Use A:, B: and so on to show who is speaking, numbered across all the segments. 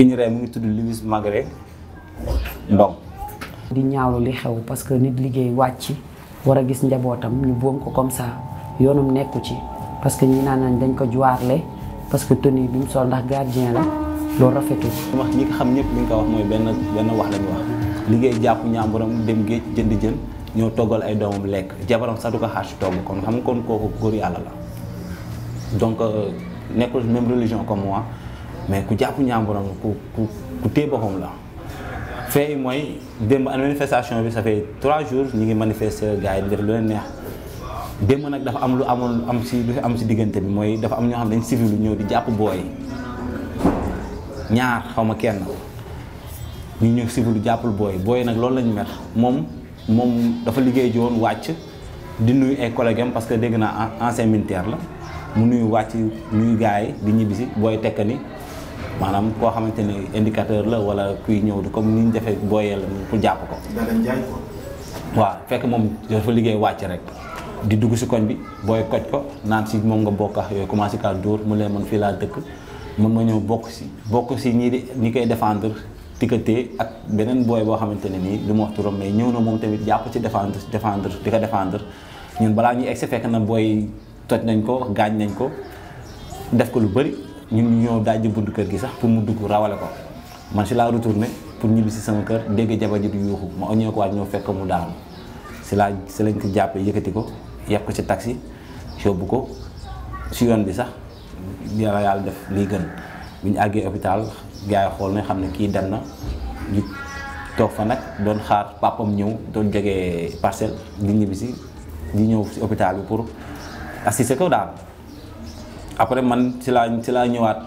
A: ki ñu rey mu ngi tudd Louis Magré Ndong
B: di ñaawlu li xew parce que nit liggéey wàcc war a gis njabootam ñu boom ko comme ça yoonum nekku ci parce que ñi naan nañ dañ ko juwaarle parce que tenue bi mu sol ndax gardien la loolu rafetul.
A: wax ñi nga xam ñëpp li ko wax mooy benn benn wax la ñu wax liggéey jàpp ñaamburam dem géej jënd jën ñoo toggal ay doomam lekk jabaram sax du ko xaar ci togg kon xam nga kon kooku góor yàlla la donc euh, nekkul même religion comme moi. mais ku jàpp ñaamburam ku ku ku téye boppam la fee yi mooy démb manifestation bi sa fait trois jours ñu ngi manifester gars yi def lu neex démb nag dafa am lu amoon am si lu am si diggante bi mooy dafa am ñoo xam dañ civil ñëw di jàpp booy ñaar xaw ma kenn ñu ñëw civil lu jàppul booy booy nag loolu lañu mer moom moom dafa liggéey joon wàcc di nuyu ay collègues parce que dégg naa ancien militaire la mu nuyu wàcc ñuy gars yi di ñibbisi booy tekka ni maanaam koo xamante ni indicateur la wala kuy ñëw du comme ni ñu defee booyal ku jàpp ko. waaw fekk moom dafa liggéey wàcc rek di dugg si koñ bi booy koj ko naan si moom nga bokk ak yooyu commencé kaa dóor mu leen man fii laa dëkk mën ma ñëw bokk si bokk si ñi di ñi koy défendre tikkatee ak beneen booy boo xamante ne nii lu ma wax turam mais ñëw na moom tamit jàpp ci défendre défendre di ko défendre ñun balaa ñuy egg si fekk na booy toj nañ ko gaañ nañ ko def ko lu bëri. ñun ñu ñëw dajji buntu kër gi sax pour mu dugg rawale ko man si laa retourné pour ñibbi si sama kër dégg jabar ji di yuuxu ma oññee ko waat ñoo fekk mu daanu si laa si lañ ko jàppee yëkkati ko yeb ko si taxi yóbbu ko si yoon bi sax yàlla yàlla def liy gën bi ñu àggee hôpital gars yi xool na xam ne kii dem na ñu toog fa nag doon xaar papam ñëw doon jege parcelle di ñibbi si di ñëw si hôpital bi pour assister ko daal après man ci laa ci laa ñëwaat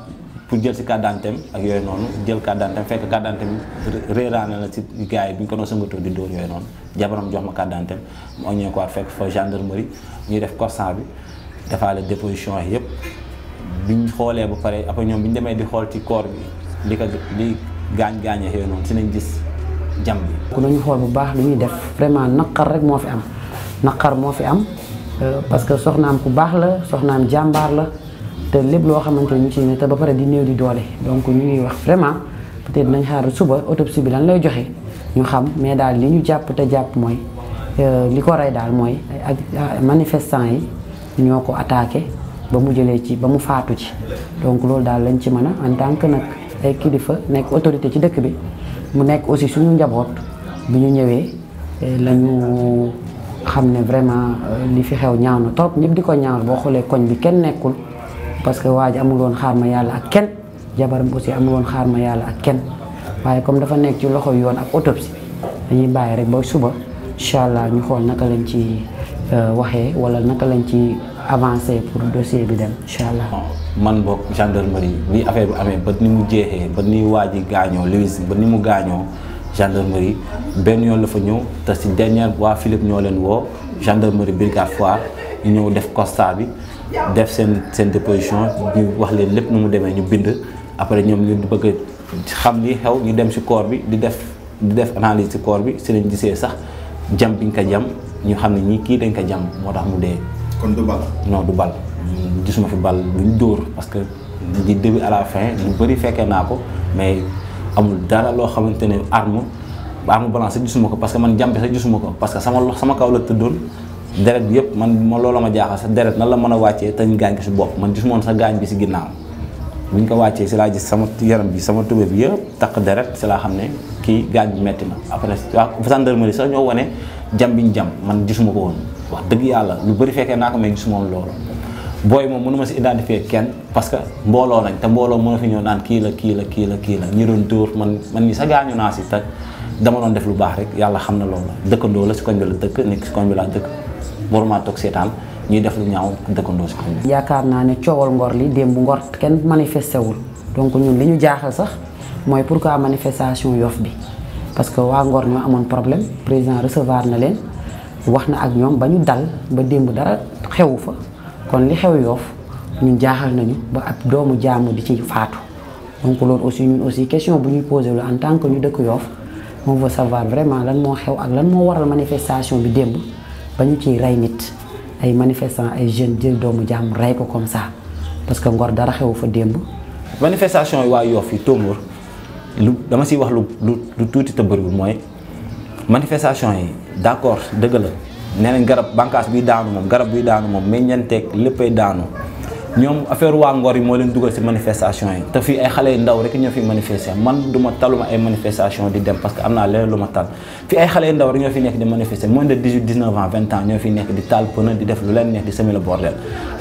A: pour jël si carte ak yooyu noonu jël carte d'identité fekk carte d'identité réeraane la ci gars bi ñu ko doon sëngatoo di dóor yooyu noonu jabaram jox ma carte d'identité mu oññee ko waat fekk fa gendarmerie ñuy def constat bi defaale déposition yi yëpp biñ xoolee ba pare après ñoom bi demee di xool ci corps bi li ko li gaañ-gaañee yooyu noonu si nañ gis jam bi.
B: lu ñu xool bu baax lu ñuy def vraiment naqar rek moo fi am naqar moo fi am euh, parce que soxnaam ku baax la soxnaam jàmbaar la. te lépp loo xamante ñu ci ne te ba pare di néew di doole donc ñu ngi wax vraiment peut-être nañ xaar suba autopsie bi lan lay joxe ñu xam mais daal li ñu jàpp te jàpp mooy euh, li ko rey daal mooy ak manifestant yi ñoo ko attaqué ba mu jëlee ci ba mu faatu ci donc loolu daal lañ ci mën a en tant que nag ay kilifa nekk autorité ci dëkk bi mu nekk aussi suñu njaboot bu ñu ñëwee euh, lañu xam ne vraiment euh, li fi xew ñaaw na trop ñëpp di ko ñaawlu boo xoolee koñ bi kenn nekkul parce que waa ji amul woon xaar ma yàlla ak kenn jabaram aussi amul woon xaar ma yàlla ak kenn waaye comme dafa nekk ci loxo yoon ak autopsie dañuy bàyyi rek ba suba incha allah ñu xool naka lañ ci euh, waxee wala naka lañ ci avancé pour dossier bi dem incha allah.
A: man boog gendarmerie bi affaire bi amee ba ni mu jeexee ba ni waa ji gaañoo Louis ba ni mu gaañoo gendarmerie benn yoon la fa ñëw te si dernière waa Philippe ñoo leen woo gendarmerie brigade foire ñu ñëw def constat bi. def seen seen déposition ñu wax leen lépp nu mu demee ñu bind après ñoom ñu bëgg a xam ni xew ñu dem si corps bi di def di def analyse si corps bi si lañ gisee sax jam biñ ko jam ñu xam ne ñii kii dañ ko jam moo tax mu dee. kon du bal. non du bal gisuma fi bal luñ dóor parce que di début à fin lu bëri fekkee naa ko mais amul dara loo xamante ne arme arme blanche sax gisuma ko parce que man jam bi sax gisuma ko parce que sama sama kaw la tëddoon. deret bi yëpp man ma loola ma jaaxal sa deret nan la mën a wàccee tañ gaañ ko si bopp man gis moon sa gaañ bi si ginnaaw bu ñu ko wàccee si laa gis sama yaram bi sama tubé bi yëpp takk deret si laa xam ne kii gaañ bi metti na après waa gendarmerie sax ñoo wane jam bi ñu man gisuma ko woon wax dëgg yàlla lu bëri fekkee naa ko mais gisuma woon loolu booy moom mënuma si identifier kenn parce que mbooloo nañ te mbooloo mën a fi ñëw naan kii la kii la kii la kii la ñi doon dóor man man ñi sa gaañu naa si te dama doon def lu baax rek yàlla xam na loolu dëkkandoo la si koñ bi la dëkk nekk si bi laa dëkk waruma toog seetaan ñuy def lu ñaaw dëkkandoo si koñ
B: yaakaar naa ne coowal ngor li démb ngor kenn manifesté wul donc ñun li ñu jaaxal sax mooy pour pourquoi manifestation yoof bi parce que waa ngor ñoo amoon problème président recevoir na leen wax na ak ñoom ba ñu dal ba démb dara xewu fa kon li xew yoof ñun jaaxal nañu ba ab doomu jaamu di ci faatu donc loolu aussi ñun aussi question bu ñuy posé la en tant que ñu dëkk Yoff on veut savoir vraiment lan moo xew ak lan moo waral manifestation bi démb. ba ñu ciy rey nit ay manifestant ay jeunes jël doomu jàmm rey ko comme sax parce que Ngor dara xewu fa démb.
A: manifestation yi waa Yoff yi lu dama siy wax lu lu lu tuuti te bëriwul mooy manifestation yi d'accord dëgg la nee nañ garab bànqaas buy daanu moom garab buy daanu moom meññanteeg léppay daanu. ñoom affaire waa Ngor yi moo leen dugal si manifestation yi te fii ay xale yu ndaw rek ñoo fi manifester man du taluma ay manifestation di dem parce que am naa leneen lu ma tal fii ay xale yu ndaw rek ñoo fi nekk di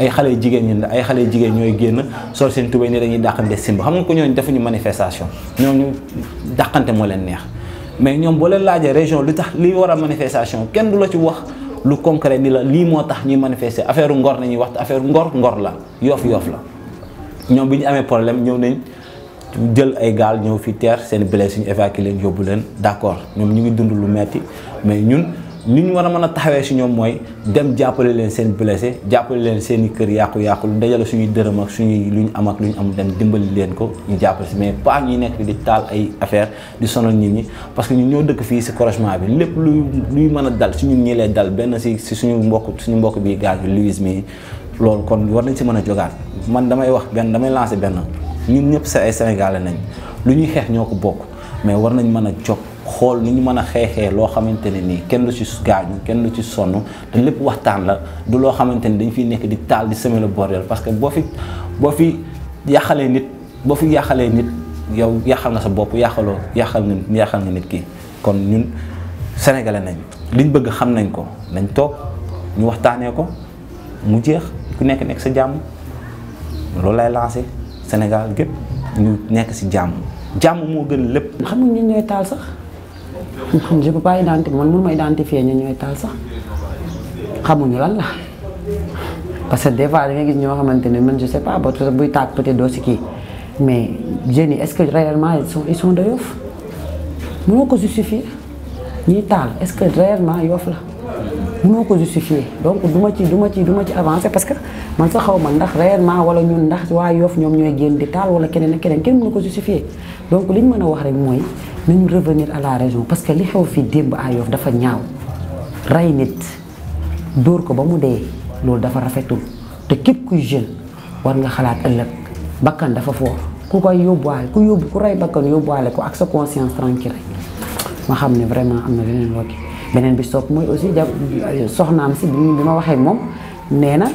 A: ay xale jigéen ñi ay xale yu jigéen ñooy génn sol seen tubéy ni manifestation moo leen neex mais ñoom boo leen laajee région li tax li war a manifestation kenn du la ci wax lu concret ni la lii moo tax ñuy manifester affaire ngor nañuy wax affaire ngor ngor la yoof yoof la ñoom bi ñu amee problème ñëw nañ jël ay gaal ñëw fi teer seen blessé ñu évacué leen yóbbu leen d'accord ñoom ñu ngi dund lu metti mais ñun li ñu war a mën a taxawee si ñoom mooy dem jàppale leen seen blessé jàppale leen seen kër yàqu-yàqu lu dajale suñuy dërëm ak suñu lu ñu am ak lu ñu am dem dimbali leen ko ñu jàppale si mais pas ñuy nekk di taal ay affaire di sonal nit ñi parce que ñun ñoo dëkk fii si croisement bi lépp luy luy mën a dal si ñun ñi dal benn si si suñu mbokk suñu mbokk bi gaañ bi Louise mi loolu kon war nañ si mën a jogaat man damay wax benn damay lancé benn ñun ñëpp sa ay sénégalais nañ lu ñuy xeex ñoo ko bokk mais war nañ mën a jóg xool ni ñu mën a xeexee loo xamante ne nii kenn lu ci gaañu kenn lu ci sonn te lépp waxtaan la du loo xamante ni dañ fiy nekk di taal di semer le bordel parce que boo fi boo fi yàqalee nit boo fi yàqalee nit yow yàqal nga sa bopp yàqaloo yàqal nga yàqal nga nit kii kon ñun sénégalais nañ liñ bëgg xam nañ ko nañ toog ñu waxtaanee ko mu jeex ku nekk nekk sa jàmm loolu lay lancé Sénégal gépp ñu nekk si jàmm jàmm
B: moo gën lépp. xam nga ñun ñooy taal sax. je peux pas identifier man mënuma identifier ñu ñooy taal sax xamuñu lan la parce que des fois da ngay gis ñoo xamante ne man je sais pas ba buy tàkk peut-être doo si kii mais jeunes yi est-ce que réellement ils sont de Yoff mënoo ko justifier ñuy taal est-ce que réellement Yoff la mënoo ko justifier donc du ma ci du ma ci ci avancer parce que man sa xaw ma ndax réellement wala ñun ndax waaye Yoff ñoom ñooy génn di taal wala keneen ak keneen kenn mënu ko justifier donc li ñu mën a wax rek mooy. nañu revenir à la région parce que li xew fii démb à Yoff dafa ñaaw rey nit dóor ko ba mu dee loolu dafa rafetul te képp kuy jeune war nga xalaat ëllëg bakkan dafa foor ku koy yóbbuwaale ku yóbbu ku rey bakkan yóbbuwaale ko ak sa conscience tranquille ma xam ne vraiment am na beneen beneen bi sopp mooy aussi ja soxnaam si bi ma waxee moom nee na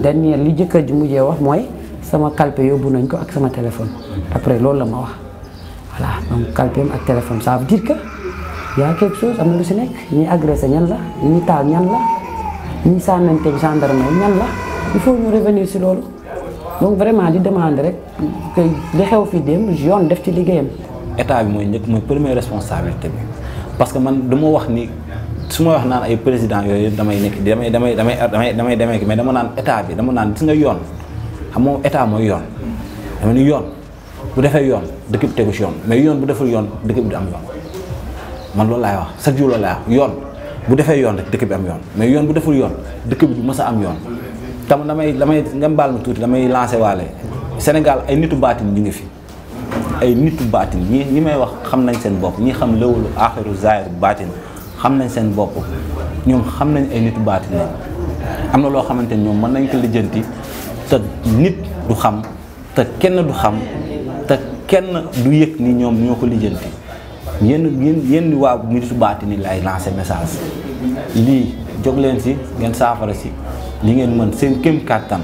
B: dernier li jëkkër ji mujjee wax mooy sama kalpe yóbbu nañ ko ak sama téléphone après loolu la ma wax. voilà donc calpem ak téléphone ça veut dire am na lu si nekk ñuy agressé ñan la ñuy taal ñan la ñuy sànnanteeg la il faut ñu si loolu vraiment di demande rek que li xew fii dem yoon def ci liggéeyam.
A: état bi mooy njëkk mooy première responsabilité bi parce que man du wax ni su ma wax naan ay président yooyu damay nekk damay damay damay damay damay demee mais dama naan état bi dama naan gis nga yoon xam moom état mooy yoon dama ni yoon. bu defee yoon dëkk bi tegu si yoon mais yoon bu deful yoon dëkk bi du am yoon man loolu laay wax chaque jour loolu laay wax yoon bu defee yoon rek dëkk bi am yoon mais yoon bu deful yoon dëkk bi du mës a am yoon tam damay damay nga mbaal ma tuuti damay lancé waale Sénégal ay nitu baatin ñu ngi fi ay nitu baatin ñi ñi may wax xam nañ seen bopp ñi xam lëwalu aaxiru zaahir baatin xam nañ seen bopp ñoom xam nañ ay nitu baatin lañ am na loo xamante ni ñoom mën nañ ko lijjanti te nit du xam te kenn du xam kenn du yëg ni ñoom ñoo ko lijjanti yenn yenn yenn waa nitu baati ni lay lancé message lii jóg leen si ngeen saafara si li ngeen mën seen kéem kàttan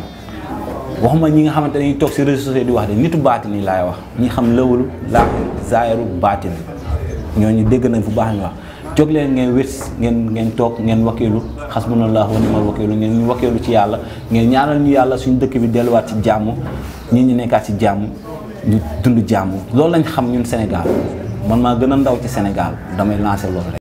A: waxuma ñi nga xamante ne toog si réseaux sociaux di wax de nitu baati nii laay wax ñi xam lëwalu laax zaayaru baati ñoo ñooñu dégg nañ bu baax ñu wax jóg leen ngeen wet ngeen ngeen toog ngeen wakeelu xasbunallahu laa ni'mal wakeelu ngeen wakeelu ci yàlla ngeen ñaanal ñu yàlla suñu dëkk bi delluwaat ci jàmm ñi ñu nekkaat ci jàmm ñu dund jàmm loolu lañ xam ñun Sénégal man maa gën a ndaw ci Sénégal damay lancer loolu rek.